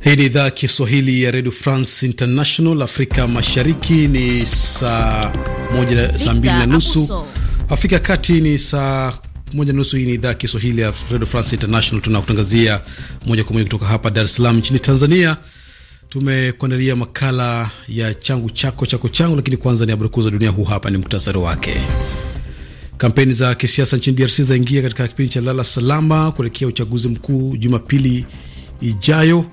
Hii ni idhaa ya Kiswahili ya redio France International. Afrika Mashariki ni saa moja, saa mbili na nusu. Afrika ya Kati ni saa moja nusu. Hii ni idhaa ya Kiswahili ya redio France International. Tunakutangazia moja kwa moja kutoka hapa Dar es Salaam nchini Tanzania. Tumekuandalia makala ya changu chako chako changu, lakini kwanza ni habari kuu za dunia. Huu hapa ni muktasari wake. Kampeni za kisiasa nchini DRC zaingia katika kipindi cha lala salama kuelekea uchaguzi mkuu Jumapili ijayo.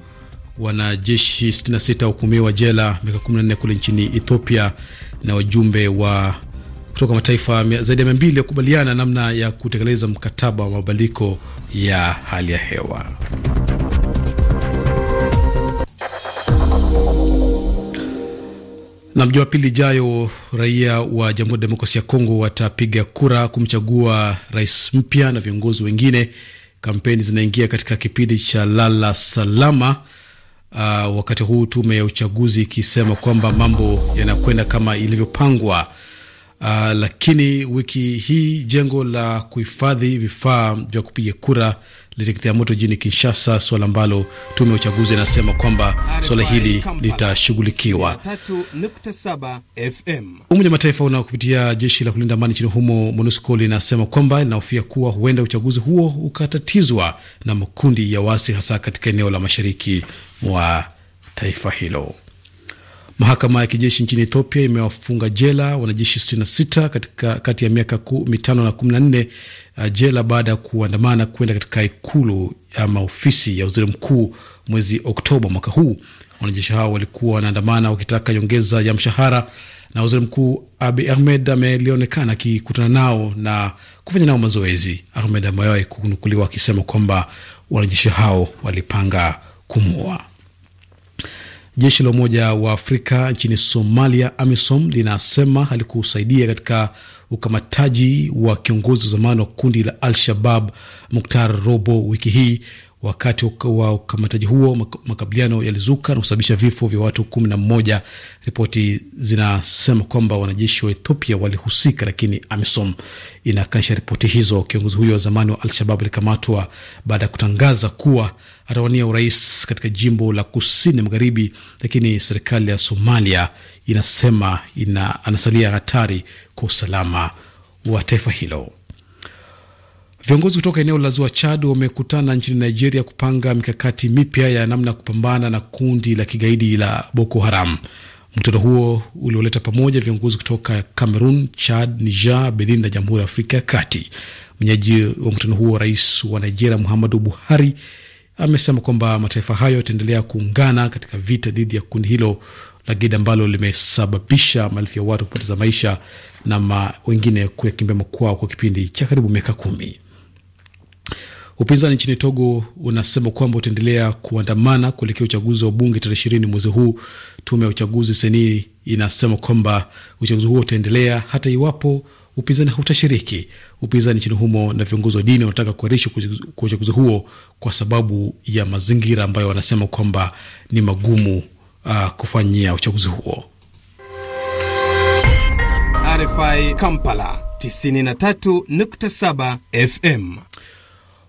Wanajeshi 66 hukumiwa jela miaka 14 kule nchini Ethiopia, na wajumbe wa kutoka mataifa zaidi ya 200 yakubaliana namna ya kutekeleza mkataba wa mabadiliko ya hali ya hewa. Na Jumapili ijayo raia wa Jamhuri ya Demokrasia ya Kongo watapiga kura kumchagua rais mpya na viongozi wengine. Kampeni zinaingia katika kipindi cha lala salama uh, wakati huu tume ya uchaguzi ikisema kwamba mambo yanakwenda kama ilivyopangwa. Uh, lakini wiki hii jengo la kuhifadhi vifaa vya kupiga kura liliteketea moto jijini Kinshasa, suala ambalo tume ya uchaguzi inasema kwamba suala hili litashughulikiwa. Umoja Mataifa unaokupitia kupitia jeshi la kulinda amani nchini humo MONUSCO linasema kwamba linahofia kuwa huenda uchaguzi huo ukatatizwa na makundi ya wasi hasa katika eneo la mashariki wa taifa hilo. Mahakama ya kijeshi nchini Ethiopia imewafunga jela wanajeshi 66 katika kati ya miaka mitano na 14 uh, jela baada ya kuandamana kwenda katika ikulu ama ofisi ya waziri mkuu mwezi Oktoba mwaka huu. Wanajeshi hao walikuwa wanaandamana wakitaka nyongeza ya mshahara, na waziri mkuu Abi Ahmed amelionekana akikutana nao na kufanya nao mazoezi. Ahmed amewahi kunukuliwa akisema kwamba wanajeshi hao walipanga kumwoa. Jeshi la Umoja wa Afrika nchini Somalia, AMISOM, linasema halikusaidia katika ukamataji wa kiongozi wa zamani wa kundi la Al Shabab, Muktar Robo, wiki hii Wakati wa ukamataji huo, makabiliano yalizuka na kusababisha vifo vya watu kumi na mmoja. Ripoti zinasema kwamba wanajeshi wa Ethiopia walihusika, lakini AMISOM inakanisha ripoti hizo. Kiongozi huyo wa zamani wa Al-Shabab alikamatwa baada ya kutangaza kuwa atawania urais katika jimbo la kusini magharibi, lakini serikali ya Somalia inasema ina, anasalia hatari kwa usalama wa taifa hilo. Viongozi kutoka eneo la Ziwa Chad wamekutana nchini Nigeria kupanga mikakati mipya ya namna ya kupambana na kundi la kigaidi la Boko Haram. Mkutano huo ulioleta pamoja viongozi kutoka Cameroon, Chad, Niger, Benin na Jamhuri ya Afrika ya Kati. Mwenyeji wa mkutano huo, rais wa Nigeria Muhammadu Buhari, amesema kwamba mataifa hayo yataendelea kuungana katika vita dhidi ya kundi hilo la kigaidi ambalo limesababisha maelfu ya watu kupoteza maisha na ma wengine kuyakimbia makwao kwa kipindi cha karibu miaka kumi. Upinzani nchini Togo unasema kwamba utaendelea kuandamana kuelekea uchaguzi wa bunge tarehe ishirini mwezi huu. Tume ya uchaguzi seni inasema kwamba uchaguzi huo utaendelea hata iwapo upinzani hautashiriki. Upinzani nchini humo na viongozi wa dini wanataka kuahirishwa kwa uchaguzi huo kwa sababu ya mazingira ambayo wanasema kwamba ni magumu uh, kufanyia uchaguzi huo. RFI Kampala 93.7 FM.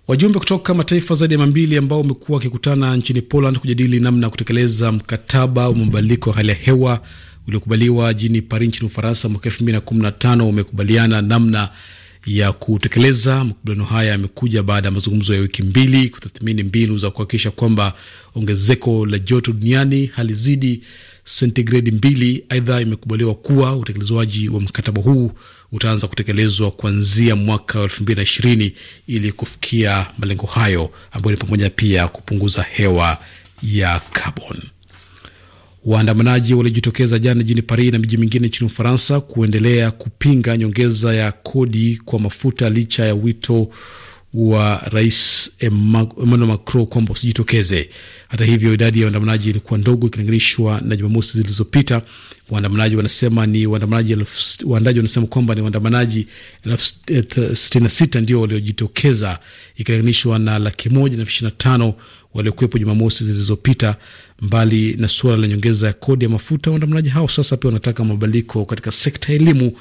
Wajumbe kutoka mataifa zaidi ya mambili ambao wamekuwa wakikutana nchini Poland kujadili namna ya kutekeleza mkataba wa mabadiliko ya hali ya hewa uliokubaliwa jini Paris nchini Ufaransa mwaka elfu mbili na kumi na tano wamekubaliana namna ya kutekeleza makubaliano. Haya yamekuja baada ya mazungumzo ya wiki mbili kutathmini mbinu za kuhakikisha kwamba ongezeko la joto duniani halizidi sentigredi mbili. Aidha, imekubaliwa kuwa utekelezaji wa mkataba huu utaanza kutekelezwa kuanzia mwaka elfu mbili na ishirini ili kufikia malengo hayo ambayo ni pamoja pia kupunguza hewa ya kabon Waandamanaji walijitokeza jana jijini Paris na miji mingine nchini Ufaransa kuendelea kupinga nyongeza ya kodi kwa mafuta licha ya wito wa rais Emmanuel Macron kwamba usijitokeze. Hata hivyo, idadi ya waandamanaji ilikuwa ndogo ikilinganishwa na Jumamosi zilizopita. Waandamanaji wanasema ni waandamanaji, waandaji wanasema kwamba ni waandamanaji elfu eh, sitini na sita ndio waliojitokeza ikilinganishwa na laki moja na elfu ishirini na tano waliokuwepo Jumamosi zilizopita. Mbali na suala la nyongeza ya kodi ya mafuta, waandamanaji hao sasa pia wanataka mabadiliko katika sekta ya elimu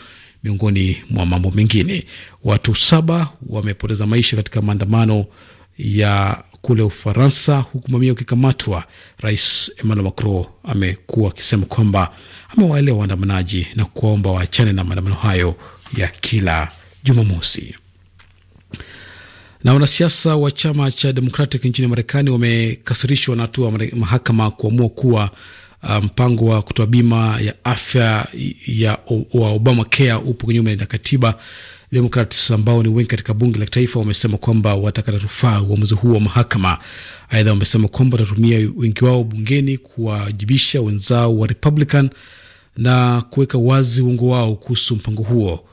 miongoni mwa mambo mengine. Watu saba wamepoteza maisha katika maandamano ya kule Ufaransa, huku mamia ukikamatwa. Rais Emmanuel Macron amekuwa akisema kwamba amewaelewa waandamanaji na kuwaomba waachane na maandamano hayo ya kila Jumamosi. Na wanasiasa wa chama cha Democratic nchini Marekani wamekasirishwa na hatua mahakama kuamua kuwa Ah, mpango um, wa kutoa bima ya afya ya wa Obamacare upo kinyume na katiba. Democrats ambao ni wengi katika bunge la kitaifa wamesema kwamba watakata rufaa uamuzi huu wa mahakama. Aidha, wamesema kwamba watatumia wengi wao bungeni kuwajibisha wenzao wa Republican na kuweka wazi uongo wao kuhusu mpango huo.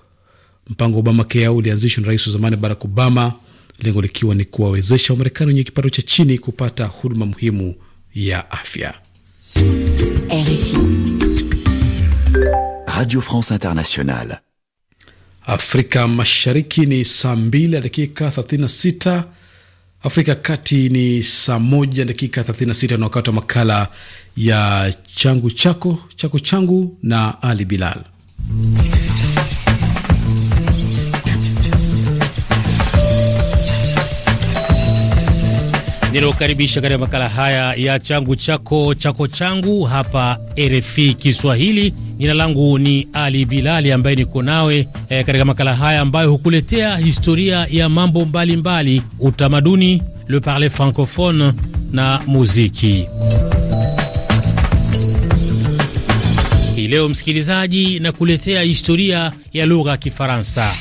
Mpango wa Obamacare ulianzishwa na rais wa zamani Barack Obama, lengo likiwa ni kuwawezesha Wamarekani wenye kipato cha chini kupata huduma muhimu ya afya. RFI. Radio France Internationale. Afrika Mashariki ni saa 2 na dakika 36. Afrika Kati ni saa 1 na dakika 36, na wakati wa makala ya changu chako chako changu na Ali Bilal. ninaokaribisha katika makala haya ya changu chako chako changu hapa RFI Kiswahili. Jina langu ni Ali Bilali ambaye niko nawe e, katika makala haya ambayo hukuletea historia ya mambo mbalimbali mbali, utamaduni, le parler francophone na muziki. Hii leo msikilizaji, nakuletea historia ya lugha ya Kifaransa.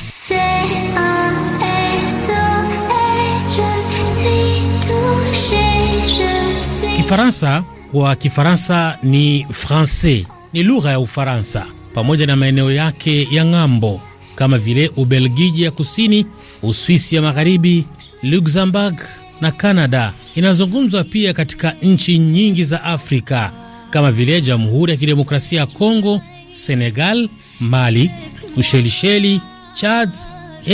Kifaransa kwa Kifaransa ni francais, ni lugha ya Ufaransa pamoja na maeneo yake ya ng'ambo kama vile Ubelgiji ya kusini, Uswisi ya magharibi, Luxembourg na Kanada. Inazungumzwa pia katika nchi nyingi za Afrika kama vile Jamhuri ya Kidemokrasia ya Kongo, Senegal, Mali, Ushelisheli, Chad,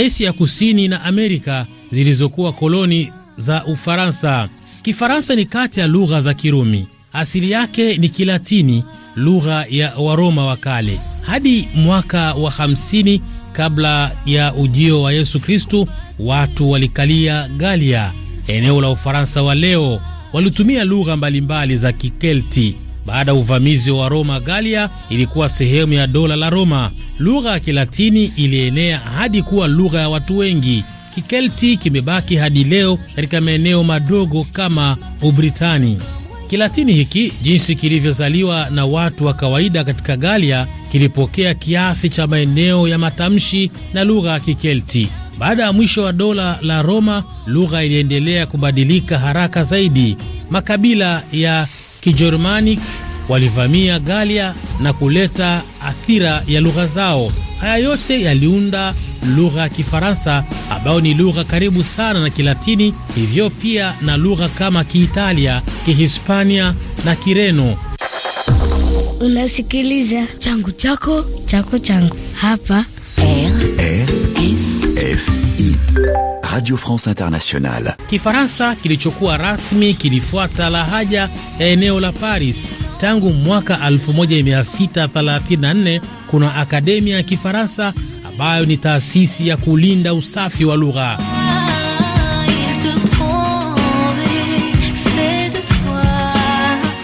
Asia ya kusini na Amerika zilizokuwa koloni za Ufaransa. Kifaransa ni kati ya lugha za Kirumi. Asili yake ni Kilatini, lugha ya Waroma wa kale. Hadi mwaka wa 50 kabla ya ujio wa Yesu Kristu, watu walikalia Galia, eneo la Ufaransa wa leo. Walitumia lugha mbalimbali za Kikelti. Baada ya uvamizi wa Roma, Galia ilikuwa sehemu ya dola la Roma. Lugha ya Kilatini ilienea hadi kuwa lugha ya watu wengi. Kikelti kimebaki hadi leo katika maeneo madogo kama Ubritani. Kilatini hiki jinsi kilivyozaliwa na watu wa kawaida katika Galia kilipokea kiasi cha maeneo ya matamshi na lugha ya Kikelti. Baada ya mwisho wa dola la Roma, lugha iliendelea kubadilika haraka zaidi. Makabila ya Kijerumanic walivamia Galia na kuleta athira ya lugha zao. Haya yote yaliunda lugha ya Kifaransa ambayo ni lugha karibu sana na Kilatini, hivyo pia na lugha kama Kiitalia, Kihispania na Kireno. Unasikiliza changu chako chako changu hapa RFI Radio France Internationale. Kifaransa kilichokuwa rasmi kilifuata lahaja ya eneo la Paris tangu mwaka 1634. Kuna akademia ya Kifaransa ambayo ni taasisi ya kulinda usafi wa lugha.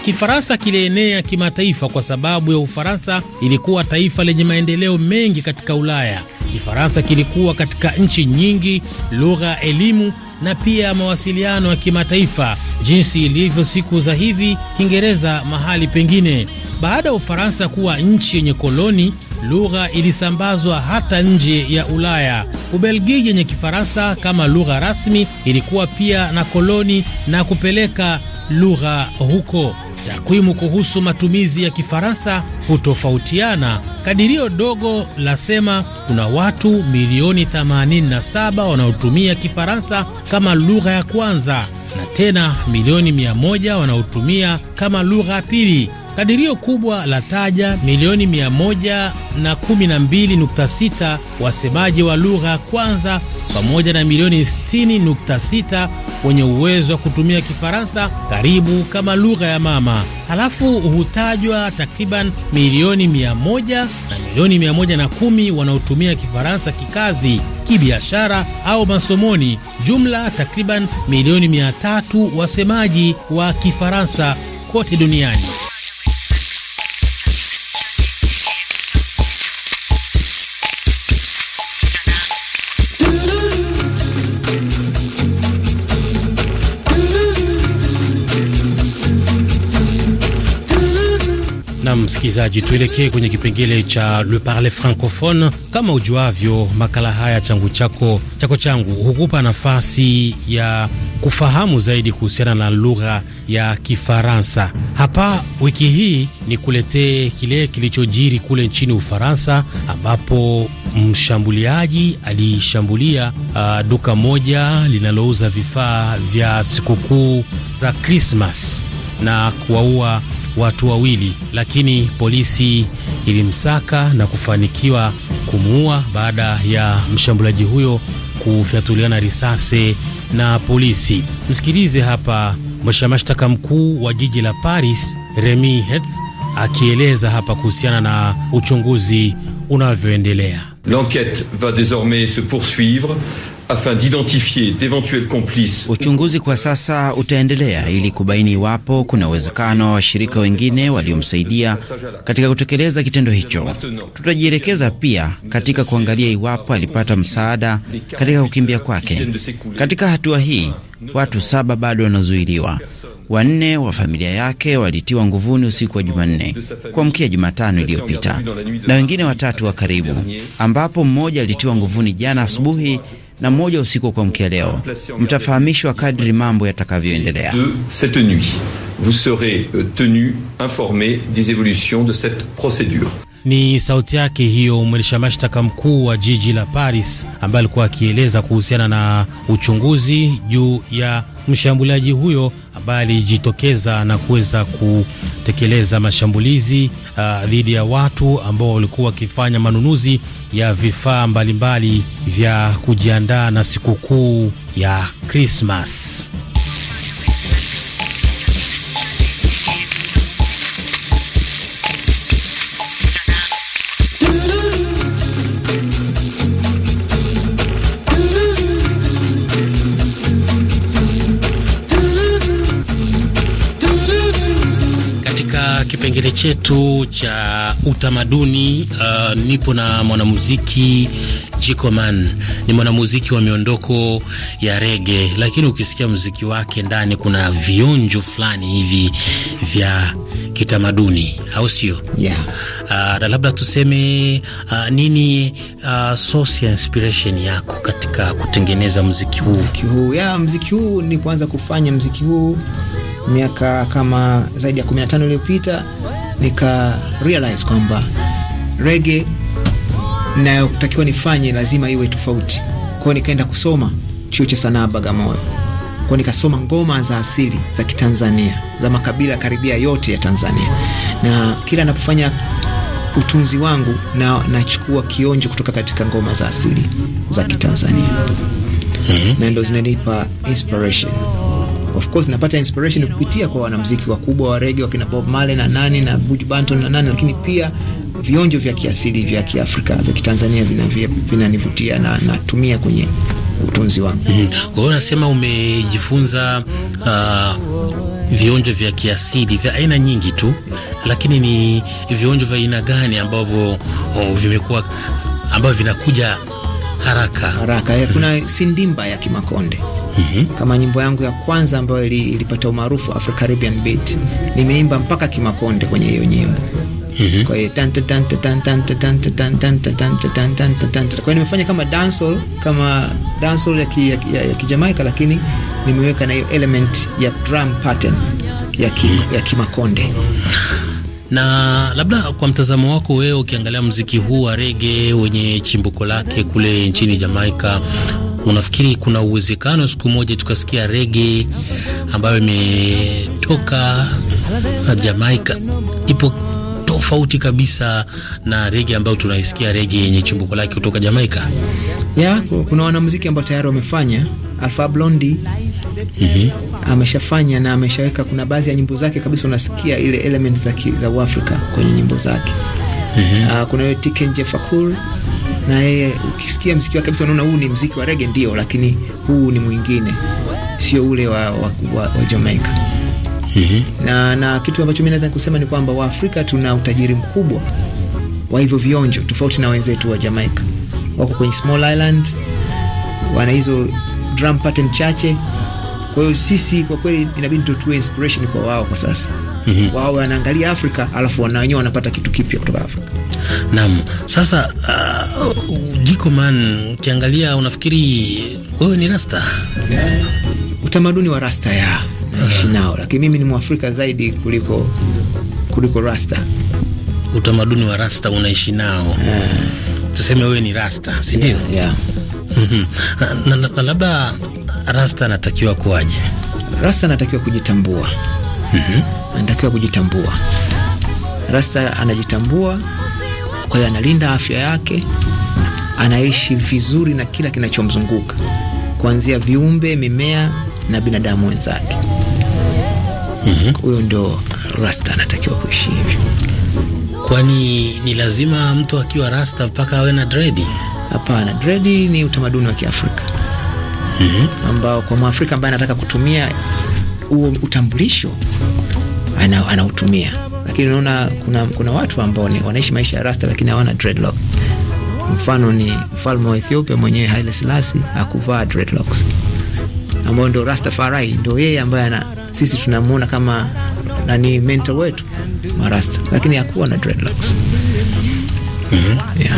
Kifaransa kilienea kimataifa kwa sababu ya Ufaransa ilikuwa taifa lenye maendeleo mengi katika Ulaya. Kifaransa kilikuwa katika nchi nyingi, lugha, elimu na pia mawasiliano ya kimataifa jinsi ilivyo siku za hivi Kiingereza mahali pengine. Baada ya Ufaransa kuwa nchi yenye koloni, lugha ilisambazwa hata nje ya Ulaya. Ubelgiji yenye Kifaransa kama lugha rasmi ilikuwa pia na koloni na kupeleka lugha huko. Takwimu kuhusu matumizi ya Kifaransa hutofautiana Kadirio dogo lasema kuna watu milioni 87 wanaotumia Kifaransa kama lugha ya kwanza na tena milioni 100 wanaotumia kama lugha ya pili. Kadirio kubwa la taja milioni 112.6 wasemaji wa lugha kwanza pamoja na milioni 60.6 wenye uwezo wa kutumia Kifaransa karibu kama lugha ya mama. Halafu hutajwa takriban milioni 100 na milioni 110 wanaotumia Kifaransa kikazi, kibiashara au masomoni, jumla takriban milioni 300 wasemaji wa Kifaransa kote duniani. Na msikilizaji, tuelekee kwenye kipengele cha Le Parle Francophone. Kama ujuavyo, makala haya changu chako chako changu hukupa nafasi ya kufahamu zaidi kuhusiana na lugha ya Kifaransa. Hapa wiki hii ni kuletee kile kilichojiri kule nchini Ufaransa, ambapo mshambuliaji alishambulia uh, duka moja linalouza vifaa vya sikukuu za Krismas na kuwaua watu wawili, lakini polisi ilimsaka na kufanikiwa kumuua baada ya mshambuliaji huyo kufyatuliana risasi na polisi. Msikilize hapa mwendesha mashtaka mkuu wa jiji la Paris Remy Hetz akieleza hapa kuhusiana na uchunguzi unavyoendelea. L'enquête va désormais se poursuivre afin d'identifier d'éventuels complices. Uchunguzi kwa sasa utaendelea ili kubaini iwapo kuna uwezekano wa washirika wengine waliomsaidia katika kutekeleza kitendo hicho. Tutajielekeza pia katika kuangalia iwapo alipata msaada katika kukimbia kwake. Katika hatua hii, watu saba bado wanazuiliwa. Wanne wa familia yake walitiwa nguvuni usiku wa Jumanne kuamkia Jumatano iliyopita na wengine watatu wa karibu, ambapo mmoja alitiwa nguvuni jana asubuhi na mmoja usiku wa kuamkia leo. Mtafahamishwa kadri mambo yatakavyoendelea. Vous serez euh, tenu informé des evolutions de cette procedure. Ni sauti yake hiyo mwendesha mashtaka mkuu wa jiji la Paris ambaye alikuwa akieleza kuhusiana na uchunguzi juu ya mshambuliaji huyo ambaye alijitokeza na kuweza kutekeleza mashambulizi uh, dhidi ya watu ambao walikuwa wakifanya manunuzi ya vifaa mbalimbali vya kujiandaa na sikukuu ya Krismas. kipengele chetu cha utamaduni. Uh, nipo na mwanamuziki Jikoman, ni mwanamuziki wa miondoko ya rege, lakini ukisikia muziki wake ndani kuna vionjo fulani hivi vya kitamaduni, au sio? Yeah. Uh, na labda tuseme uh, nini uh, source ya inspiration yako katika kutengeneza muziki huu? Muziki huu, ya, muziki huu nilipoanza kufanya muziki huu miaka kama zaidi ya 15 iliyopita, nika realize kwamba rege nayotakiwa nifanye lazima iwe tofauti. Kwao nikaenda kusoma chuo cha sanaa Bagamoyo, kwao nikasoma ngoma za asili za Kitanzania za makabila karibia yote ya Tanzania, na kila napofanya utunzi wangu na nachukua kionjo kutoka katika ngoma za asili za Kitanzania mm -hmm. na ndo zinanipa inspiration Of course napata inspiration kupitia kwa wanamuziki wakubwa wa rege wakina Bob Marley na nani na Buju Banton na nani, lakini pia vionjo vya kiasili vya Kiafrika vya Kitanzania vinanivutia na natumia kwenye utunzi wangu. Mm. Kwa hiyo nasema umejifunza uh vionjo vya kiasili vya aina nyingi tu, lakini ni vionjo vya aina gani ambavyo oh, vimekuwa ambavyo vinakuja haraka haraka. Kuna mm -hmm. sindimba ya Kimakonde mm -hmm. kama nyimbo yangu ya kwanza ambayo ilipata umaarufu Afro Caribbean Beat, nimeimba mpaka Kimakonde kwenye hiyo nyimbo. Kwa hiyo nimefanya kama dancehall kama dancehall ya ya, ya Kijamaika, lakini nimeweka na hiyo element ya drum pattern ya ki, ya Kimakonde na labda kwa mtazamo wako wewe, ukiangalia mziki huu wa rege wenye chimbuko lake kule nchini Jamaika, unafikiri kuna uwezekano siku moja tukasikia rege ambayo imetoka Jamaika ipo tofauti kabisa na rege ambayo tunaisikia, rege yenye chimbuko lake kutoka Jamaika? ya kuna wanamuziki ambao tayari wamefanya. Alpha Blondy mm -hmm. ameshafanya na ameshaweka, kuna baadhi ya nyimbo zake kabisa unasikia ile element za za Uafrika kwenye nyimbo zake mm -hmm. uh, kuna yule Tikenje Fakur na yeye ukisikia mziki wake kabisa unaona huu ni mziki wa rege, ndio, lakini huu ni mwingine, sio ule wa, wa, wa, wa Jamaica mm -hmm. na, na kitu ambacho mimi naweza kusema ni kwamba Waafrika tuna utajiri mkubwa wa hivyo vionjo tofauti na wenzetu wa Jamaica wako kwenye Small Island, wana hizo drum pattern chache. Kwa hiyo sisi kwa kweli inabidi tutue inspiration kwa wao kwa sasa. Mm -hmm. Wao wanaangalia Afrika alafu wana wenyewe wanapata kitu kipya kutoka Afrika. Naam. Sasa uh, Jiko Man, ukiangalia unafikiri wewe ni rasta? Yeah. Utamaduni wa rasta ya naishi nao uh -huh. Lakini mimi ni Mwafrika zaidi kuliko kuliko rasta. Utamaduni wa rasta unaishi nao. Yeah tuseme wewe ni rasta, si ndio? yeah, yeah. Mm -hmm. na, na, na labda rasta anatakiwa kuwaje? Rasta anatakiwa kujitambua. mm -hmm. anatakiwa kujitambua. Rasta anajitambua, kwa hiyo analinda afya yake, anaishi vizuri na kila kinachomzunguka kuanzia viumbe, mimea na binadamu wenzake. mm huyo ndio rasta anatakiwa kuishi hivyo. Kwani ni lazima mtu akiwa rasta mpaka awe na dredi? Hapana, dredi ni utamaduni wa Kiafrika mm -hmm. ambao kwa Mwafrika ambaye anataka kutumia huo utambulisho anautumia ana, lakini unaona kuna, kuna watu ambao ni wanaishi maisha ya rasta lakini hawana dreadlock. Mfano ni mfalme wa Ethiopia mwenyewe Haile Selassie hakuvaa dreadlocks, ambao ndo Rastafari, ndo yeye ambaye ana, sisi tunamwona kama nani mentor wetu marasta, lakini hakuwa na dreadlocks. Mm -hmm. Yeah.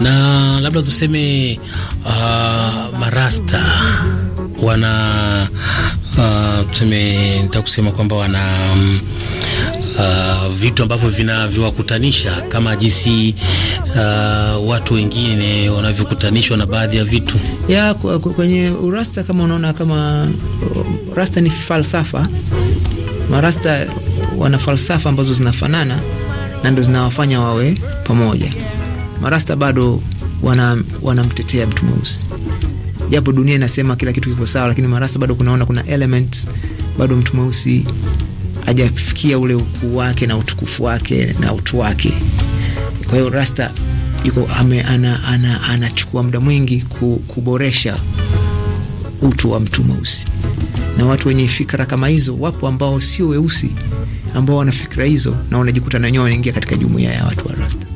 Na labda tuseme uh, marasta wana uh, tuseme nita kusema kwamba wana um, Uh, vitu ambavyo vinavyowakutanisha kama jinsi uh, watu wengine wanavyokutanishwa na baadhi ya vitu ya kwenye urasta. Kama unaona kama uh, rasta ni falsafa marasta wana falsafa ambazo zinafanana na ndo zinawafanya wawe pamoja. Marasta bado wanamtetea wana mtu mweusi, japo dunia inasema kila kitu kiko sawa, lakini Marasta bado kunaona kuna element, bado mtu mweusi hajafikia ule ukuu wake na utukufu wake na utu wake. Kwa hiyo Rasta anachukua ana, ana, muda mwingi kuboresha utu wa mtu mweusi, na watu wenye fikra kama hizo wapo ambao sio weusi ambao wana fikra hizo na wanajikuta na wenyewe wanaingia katika jumuiya ya watu wa rasta.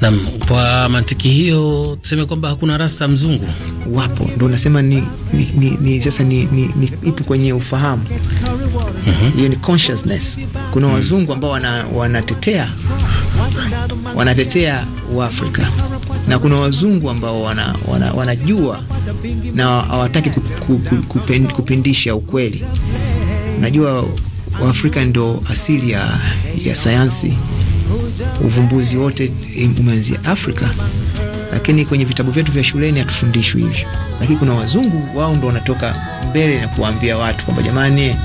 nam kwa mantiki hiyo tuseme kwamba hakuna rasta mzungu, wapo ndo nasema ni, ni, ni, ni sasa ni, ni, ni ipo kwenye ufahamu mhm. hiyo mm -hmm. ni consciousness. Kuna mm -hmm. wazungu ambao wana, wanatetea wanatetea Waafrika na kuna wazungu ambao wana, wana, wanajua na hawataki kupindisha ukweli. Unajua afrika ndo asili ya, ya sayansi. Uvumbuzi wote umeanzia Afrika, lakini kwenye vitabu vyetu vya shuleni hatufundishwi hivyo. Lakini kuna wazungu, wao ndo wanatoka mbele na kuwaambia watu kwamba jamani,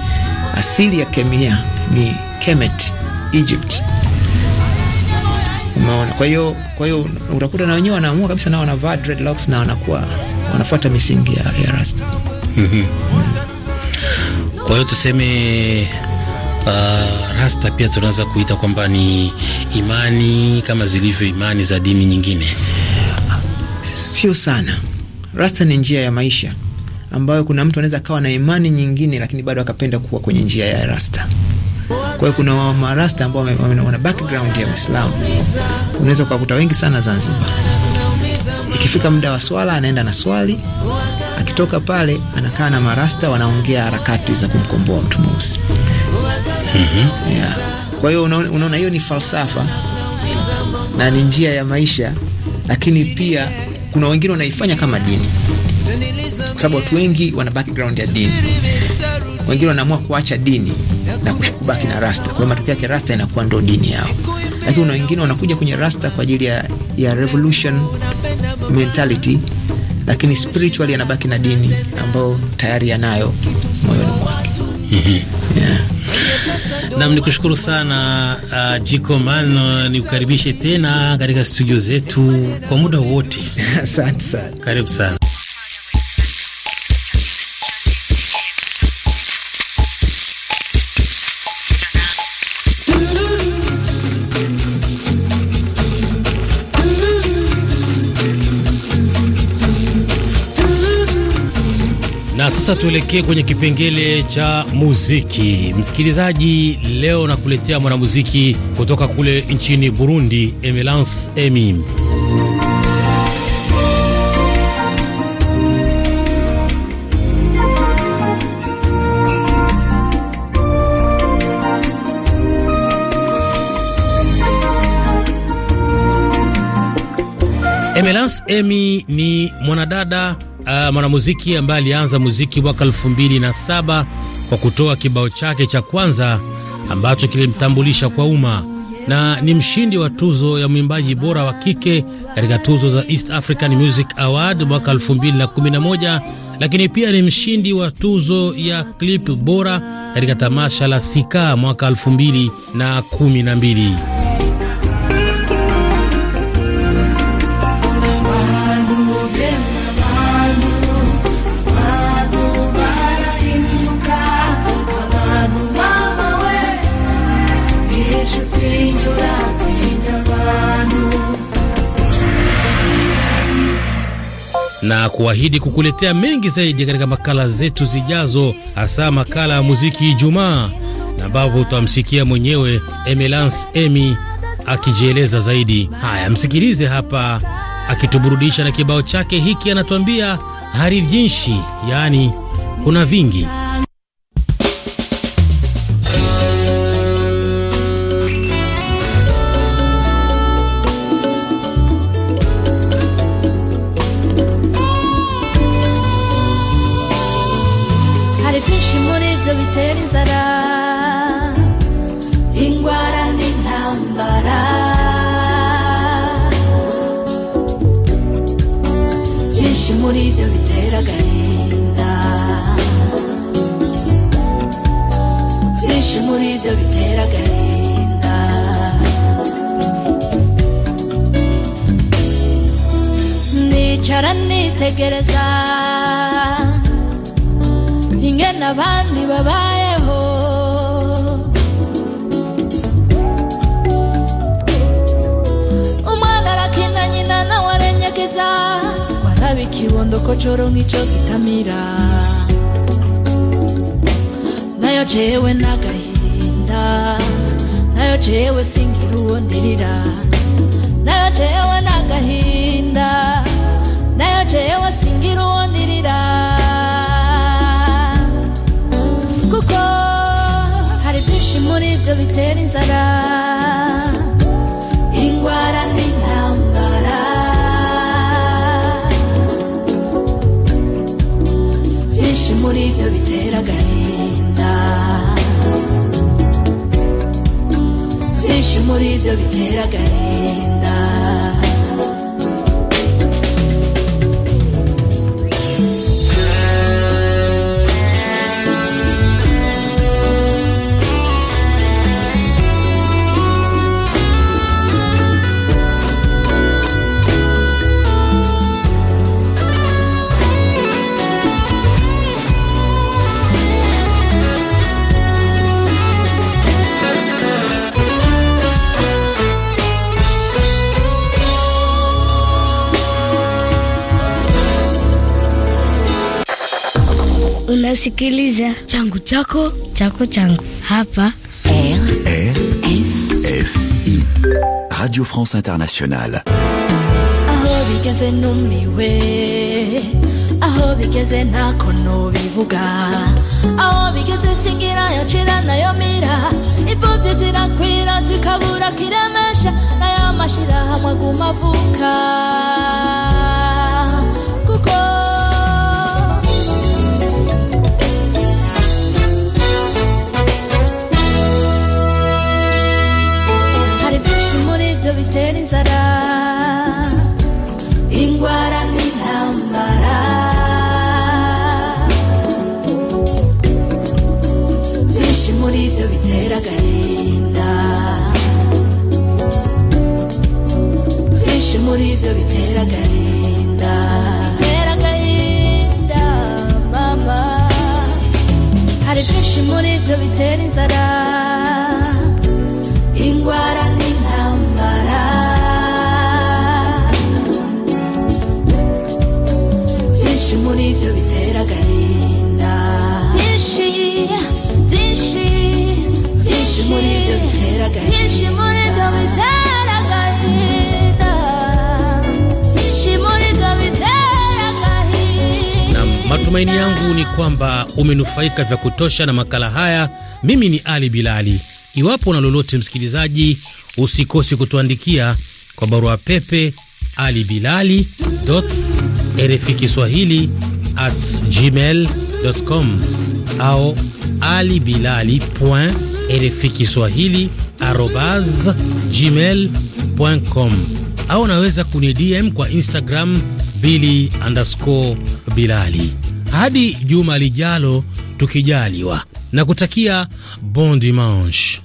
asili ya kemia ni Kemet, Egypt. Umeona? Kwa hiyo kwa hiyo utakuta na wenyewe wanaamua kabisa, nao wanavaa dreadlocks na wanakuwa wanafuata misingi ya, ya rasta. Mm -hmm. Kwa hiyo tuseme Uh, rasta pia tunaweza kuita kwamba ni imani kama zilivyo imani za dini nyingine. Sio sana. Rasta ni njia ya maisha ambayo kuna mtu anaweza akawa na imani nyingine, lakini bado akapenda kuwa kwenye njia ya rasta. Kwa hiyo kuna marasta ambao wana background ya Uislamu, unaweza ukakuta wengi sana Zanzibar. Ikifika muda wa swala, anaenda na swali, akitoka pale anakaa na marasta, wanaongea harakati za kumkomboa mtu mweusi. Mm-hmm. Kwa hiyo unaona, hiyo ni falsafa na ni njia ya maisha, lakini pia kuna wengine wanaifanya kama dini, kwa sababu watu wengi wana background ya dini. Wengine wanaamua kuacha dini na kubaki na rasta, kwa matokeo yake rasta inakuwa ndo dini yao, lakini kuna wengine wanakuja kwenye rasta kwa ajili ya, ya revolution mentality lakini spiritually anabaki na dini ambayo tayari yanayo moyoni mwake yeah. Nam ni kushukuru sana uh, Jiko Man, nikukaribishe tena katika studio zetu kwa muda wote. Asante sana, karibu sana. Sasa tuelekee kwenye kipengele cha muziki. Msikilizaji, leo nakuletea mwanamuziki kutoka kule nchini Burundi, Emelance Emi. Emelance Emi ni mwanadada uh, mwanamuziki ambaye alianza muziki mwaka elfu mbili na saba kwa kutoa kibao chake cha kwanza ambacho kilimtambulisha kwa umma na ni mshindi wa tuzo ya mwimbaji bora wa kike katika tuzo za East African Music Award mwaka 2011, lakini pia ni mshindi wa tuzo ya clip bora katika tamasha la Sika mwaka 2012. na kuahidi kukuletea mengi zaidi katika makala zetu zijazo, hasa makala ya muziki Ijumaa na ambapo utamsikia mwenyewe Emelance Emi akijieleza zaidi. Haya, msikilize hapa akituburudisha na kibao chake hiki, anatuambia harijinshi yaani kuna vingi wabula ngikyo gitamira nayo jewe nagahinda nayo jewe singira uwo ndirira nayo jewe nagahinda nayo jewe singira uwo ndirira kuko hari byinshi muri ibyo bitera inzara ingwara muri byo bitera agahinda byinshi muri byo bitera agahinda Nasikiliza changu chako chako changu hapa RFI Radio France Internationale. bigeze numiwe aho bigeze ntako nubivuga aho bigeze singira yacira nayo mira imfubyi zirakwira zikabura kiremesha nayo mashirahamwe agumavuka bitera inzara indwara n'intambara byinshi muri ibyo bitera agahinda byinshi muri ibyo bitera agahinda bitera agahinda mama hari byinshi muri ibyo bitera inzara indwara na matumaini yangu ni kwamba umenufaika vya kutosha na makala haya. Mimi ni Ali Bilali. Iwapo na lolote, msikilizaji, usikosi kutuandikia kwa barua pepe ali bilali rfi kiswahili at au ali bilali RFI Kiswahili arobas gmail.com au unaweza kunidm kwa Instagram bili underscore bilali. Hadi juma lijalo tukijaliwa, na kutakia bon dimanche.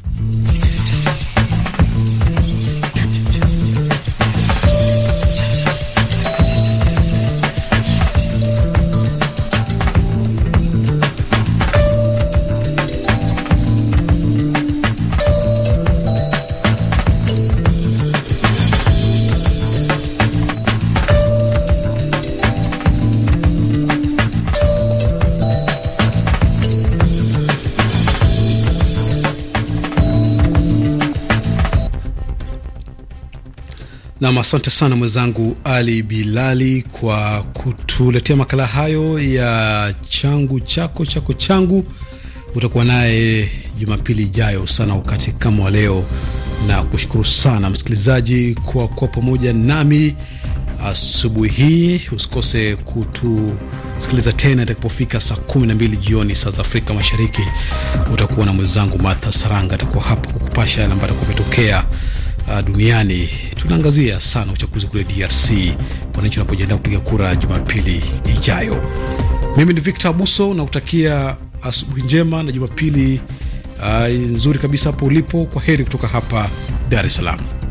Nam, asante sana mwenzangu Ali Bilali kwa kutuletea makala hayo ya changu chako chako changu. Utakuwa naye Jumapili ijayo sana wakati kama wa leo, na kushukuru sana msikilizaji kwa kuwa pamoja nami asubuhi hii. Usikose kutusikiliza tena itakapofika saa 12 jioni saa za Afrika Mashariki. Utakuwa na mwenzangu Martha Saranga atakuwa hapo kukupasha yale ambayo atakuwa ametokea uh, duniani. Tunaangazia sana uchaguzi kule DRC, wananchi wanapojiandaa kupiga kura Jumapili ijayo. Mimi ni Victor Abuso na kutakia asubuhi njema na Jumapili uh, nzuri kabisa hapo ulipo. Kwa heri kutoka hapa Dar es Salaam.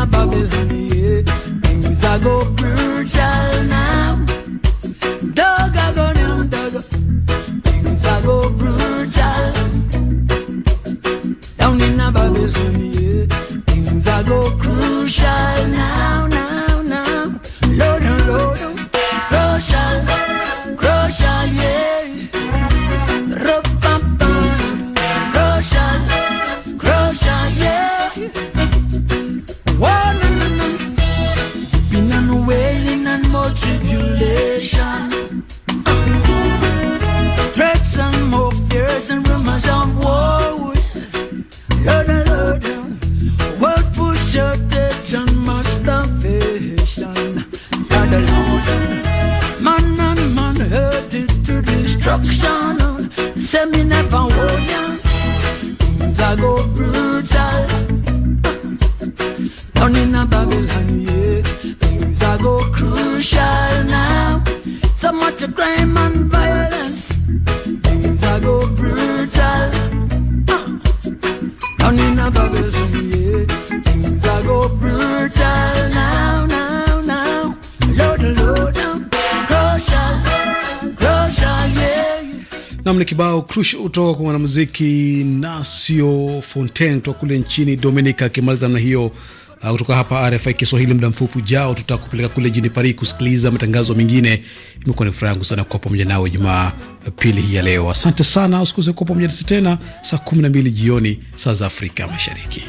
na babilônia. I go brutal. Down in a Babylon, yeah, things are go crucial now. So much crime and violence. namna kibao crush kutoka kwa mwanamuziki Nasio Fontaine kutoka kule nchini Dominica, akimaliza namna hiyo. Uh, kutoka hapa RFI Kiswahili, muda mfupi ujao tutakupeleka kule jijini Paris kusikiliza matangazo mengine. Imekuwa ni furaha yangu sana kuwa pamoja nawe pili hii ya leo. Asante sana, usikose kuwa pamoja nasi tena saa 12 jioni saa za Afrika Mashariki.